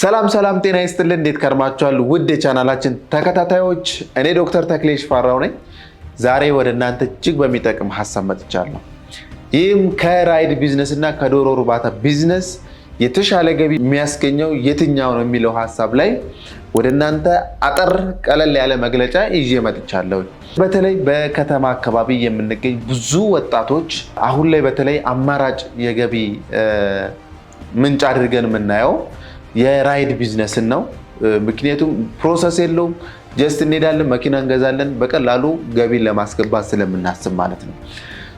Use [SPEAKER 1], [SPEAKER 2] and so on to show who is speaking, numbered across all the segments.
[SPEAKER 1] ሰላም ሰላም፣ ጤና ይስጥልን። እንዴት ከርማችኋል? ውድ የቻናላችን ተከታታዮች፣ እኔ ዶክተር ተክሌ ሽፈራው ነኝ። ዛሬ ወደ እናንተ እጅግ በሚጠቅም ሀሳብ መጥቻለሁ። ይህም ከራይድ ቢዝነስ እና ከዶሮ እርባታ ቢዝነስ የተሻለ ገቢ የሚያስገኘው የትኛው ነው የሚለው ሀሳብ ላይ ወደ እናንተ አጠር ቀለል ያለ መግለጫ ይዤ መጥቻለሁ። በተለይ በከተማ አካባቢ የምንገኝ ብዙ ወጣቶች አሁን ላይ በተለይ አማራጭ የገቢ ምንጭ አድርገን የምናየው የራይድ ቢዝነስን ነው። ምክንያቱም ፕሮሰስ የለውም። ጀስት እንሄዳለን፣ መኪና እንገዛለን፣ በቀላሉ ገቢን ለማስገባት ስለምናስብ ማለት ነው።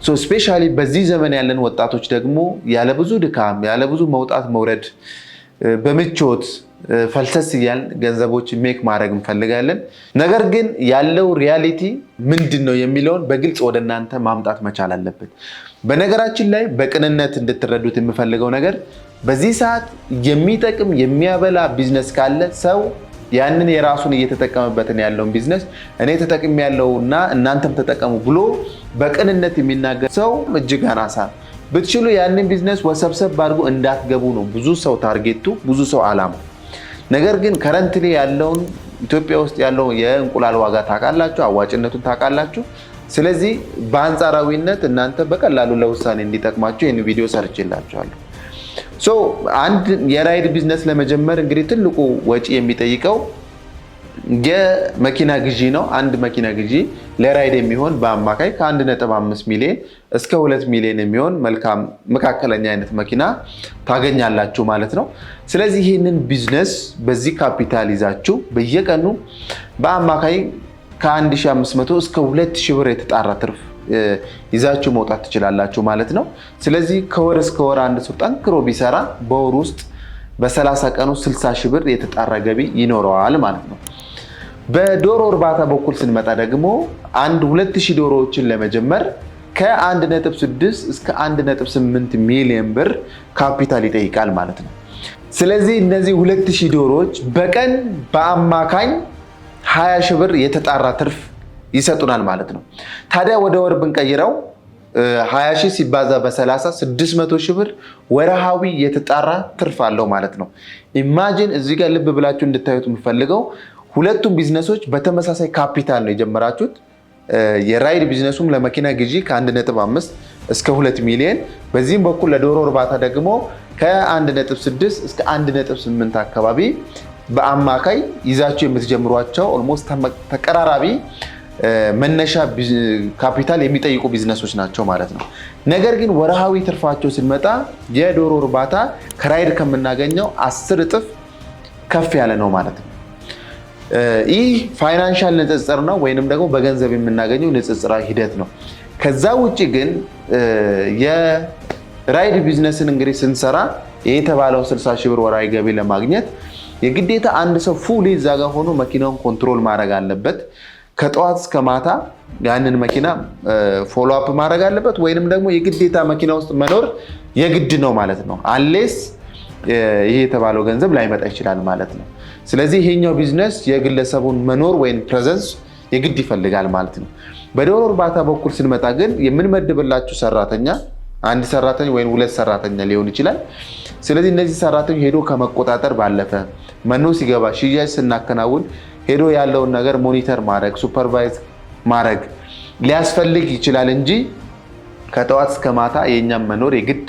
[SPEAKER 1] ሶ ስፔሻሊ በዚህ ዘመን ያለን ወጣቶች ደግሞ ያለ ብዙ ድካም ያለ ብዙ መውጣት መውረድ በምቾት ፈልሰስ እያልን ገንዘቦች ሜክ ማድረግ እንፈልጋለን። ነገር ግን ያለው ሪያሊቲ ምንድን ነው የሚለውን በግልጽ ወደ እናንተ ማምጣት መቻል አለብን። በነገራችን ላይ በቅንነት እንድትረዱት የምፈልገው ነገር በዚህ ሰዓት የሚጠቅም የሚያበላ ቢዝነስ ካለ ሰው ያንን የራሱን እየተጠቀመበትን ያለውን ቢዝነስ እኔ ተጠቅም ያለው እና እናንተም ተጠቀሙ ብሎ በቅንነት የሚናገር ሰው እጅግ አናሳ ነው። ብትችሉ ያንን ቢዝነስ ወሰብሰብ ባድርጎ እንዳትገቡ ነው ብዙ ሰው ታርጌቱ፣ ብዙ ሰው አላማ። ነገር ግን ከረንትሊ ያለውን ኢትዮጵያ ውስጥ ያለውን የእንቁላል ዋጋ ታውቃላችሁ፣ አዋጭነቱን ታውቃላችሁ። ስለዚህ በአንጻራዊነት እናንተ በቀላሉ ለውሳኔ እንዲጠቅማችሁ ይህን ቪዲዮ ሰርችላችኋለሁ። አንድ የራይድ ቢዝነስ ለመጀመር እንግዲህ ትልቁ ወጪ የሚጠይቀው የመኪና ግዢ ነው። አንድ መኪና ግዢ ለራይድ የሚሆን በአማካይ ከ1.5 ሚሊዮን እስከ 2 ሚሊዮን የሚሆን መልካም መካከለኛ አይነት መኪና ታገኛላችሁ ማለት ነው። ስለዚህ ይህንን ቢዝነስ በዚህ ካፒታል ይዛችሁ በየቀኑ በአማካይ ከ1500 እስከ 2000 ብር የተጣራ ትርፍ ይዛችሁ መውጣት ትችላላችሁ ማለት ነው። ስለዚህ ከወር እስከ ወር አንድ ሰው ጠንክሮ ቢሰራ በወር ውስጥ በሰላሳ ቀኑ ስልሳ ሺህ ብር የተጣራ ገቢ ይኖረዋል ማለት ነው። በዶሮ እርባታ በኩል ስንመጣ ደግሞ አንድ ሁለት ሺህ ዶሮዎችን ለመጀመር ከ1.6 እስከ 1.8 ሚሊዮን ብር ካፒታል ይጠይቃል ማለት ነው። ስለዚህ እነዚህ 2000 ዶሮዎች በቀን በአማካኝ 20 ሺህ ብር የተጣራ ትርፍ ይሰጡናል ማለት ነው። ታዲያ ወደ ወር ብንቀይረው 20 ሺህ ሲባዛ በ30 600 ሺህ ብር ወርሃዊ የተጣራ ትርፍ አለው ማለት ነው። ኢማጂን እዚህ ጋር ልብ ብላችሁ እንድታዩት የምፈልገው ሁለቱም ቢዝነሶች በተመሳሳይ ካፒታል ነው የጀመራችሁት። የራይድ ቢዝነሱም ለመኪና ግዢ ከ1.5 እስከ 2 ሚሊዮን፣ በዚህም በኩል ለዶሮ እርባታ ደግሞ ከ1.6 እስከ 1.8 አካባቢ በአማካይ ይዛችሁ የምትጀምሯቸው ኦልሞስት ተቀራራቢ መነሻ ካፒታል የሚጠይቁ ቢዝነሶች ናቸው ማለት ነው። ነገር ግን ወርሃዊ ትርፋቸው ስንመጣ የዶሮ እርባታ ከራይድ ከምናገኘው አስር እጥፍ ከፍ ያለ ነው ማለት ነው። ይህ ፋይናንሻል ንጽጽር ነው ወይንም ደግሞ በገንዘብ የምናገኘው ንጽጽራዊ ሂደት ነው። ከዛ ውጭ ግን የራይድ ቢዝነስን እንግዲህ ስንሰራ የተባለው 60 ሺህ ብር ወራዊ ገቢ ለማግኘት የግዴታ አንድ ሰው ፉሊ እዛ ጋር ሆኖ መኪናውን ኮንትሮል ማድረግ አለበት። ከጠዋት እስከ ማታ ያንን መኪና ፎሎ አፕ ማድረግ አለበት፣ ወይንም ደግሞ የግዴታ መኪና ውስጥ መኖር የግድ ነው ማለት ነው። አሌስ ይሄ የተባለው ገንዘብ ላይመጣ ይችላል ማለት ነው። ስለዚህ ይሄኛው ቢዝነስ የግለሰቡን መኖር ወይም ፕሬዘንስ የግድ ይፈልጋል ማለት ነው። በዶሮ እርባታ በኩል ስንመጣ ግን የምንመድብላችሁ ሰራተኛ አንድ ሰራተኛ ወይም ሁለት ሰራተኛ ሊሆን ይችላል። ስለዚህ እነዚህ ሰራተኞች ሄዶ ከመቆጣጠር ባለፈ መኖ ሲገባ ሽያጭ ስናከናውን ሄዶ ያለውን ነገር ሞኒተር ማድረግ ሱፐርቫይዝ ማድረግ ሊያስፈልግ ይችላል እንጂ ከጠዋት እስከ ማታ የእኛም መኖር የግድ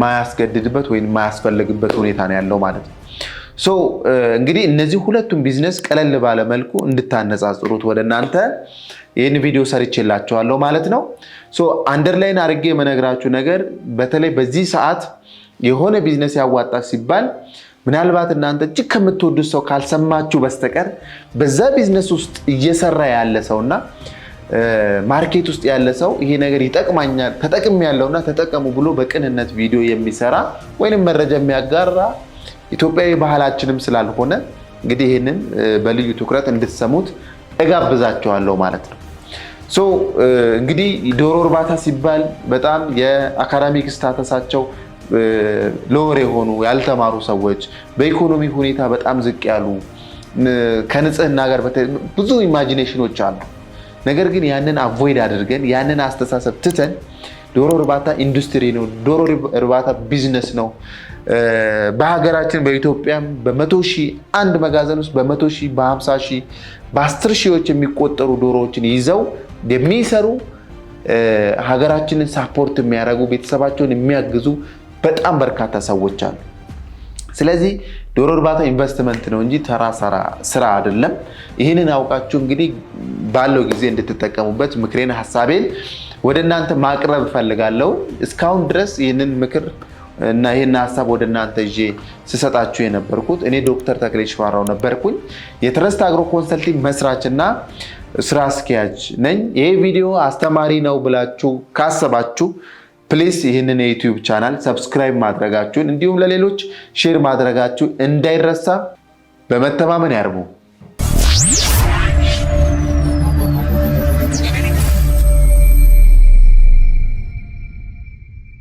[SPEAKER 1] ማያስገድድበት ወይም ማያስፈልግበት ሁኔታ ነው ያለው ማለት ነው። እንግዲህ እነዚህ ሁለቱም ቢዝነስ ቀለል ባለ መልኩ እንድታነጻጽሩት ወደ እናንተ ይህን ቪዲዮ ሰርቼላቸዋለሁ ማለት ነው። አንደርላይን አድርጌ የመነግራችሁ ነገር በተለይ በዚህ ሰዓት የሆነ ቢዝነስ ያዋጣ ሲባል ምናልባት እናንተ እጅግ ከምትወዱት ሰው ካልሰማችሁ በስተቀር በዛ ቢዝነስ ውስጥ እየሰራ ያለ ሰውና ማርኬት ውስጥ ያለ ሰው ይሄ ነገር ይጠቅማኛል ተጠቅም ያለውና ተጠቀሙ ብሎ በቅንነት ቪዲዮ የሚሰራ ወይንም መረጃ የሚያጋራ ኢትዮጵያዊ ባህላችንም ስላልሆነ እንግዲህ ይህንን በልዩ ትኩረት እንድትሰሙት እጋብዛችኋለሁ ማለት ነው። እንግዲህ ዶሮ እርባታ ሲባል በጣም የአካዳሚክ ስታተሳቸው ሎወር የሆኑ ያልተማሩ ሰዎች፣ በኢኮኖሚ ሁኔታ በጣም ዝቅ ያሉ፣ ከንጽህና ጋር ብዙ ኢማጂኔሽኖች አሉ። ነገር ግን ያንን አቮይድ አድርገን ያንን አስተሳሰብ ትተን ዶሮ እርባታ ኢንዱስትሪ ነው፣ ዶሮ እርባታ ቢዝነስ ነው። በሀገራችን በኢትዮጵያም በመቶ ሺህ አንድ መጋዘን ውስጥ በመቶ ሺህ በሀምሳ ሺህ በአስር ሺዎች የሚቆጠሩ ዶሮዎችን ይዘው የሚሰሩ ሀገራችንን ሳፖርት የሚያደርጉ ቤተሰባቸውን የሚያግዙ በጣም በርካታ ሰዎች አሉ። ስለዚህ ዶሮ እርባታ ኢንቨስትመንት ነው እንጂ ተራ ስራ አይደለም። ይህንን አውቃችሁ እንግዲህ ባለው ጊዜ እንድትጠቀሙበት ምክሬን፣ ሀሳቤን ወደ እናንተ ማቅረብ እፈልጋለሁ። እስካሁን ድረስ ይህንን ምክር እና ይህን ሀሳብ ወደ እናንተ ይዤ ስሰጣችሁ የነበርኩት እኔ ዶክተር ተክሌ ሽፈራው ነበርኩኝ የትረስት አግሮ ኮንሰልቲንግ መስራችና ስራ አስኪያጅ ነኝ። ይሄ ቪዲዮ አስተማሪ ነው ብላችሁ ካሰባችሁ ፕሊስ ይህንን የዩቲዩብ ቻናል ሰብስክራይብ ማድረጋችሁን እንዲሁም ለሌሎች ሼር ማድረጋችሁ እንዳይረሳ። በመተማመን ያርሙ።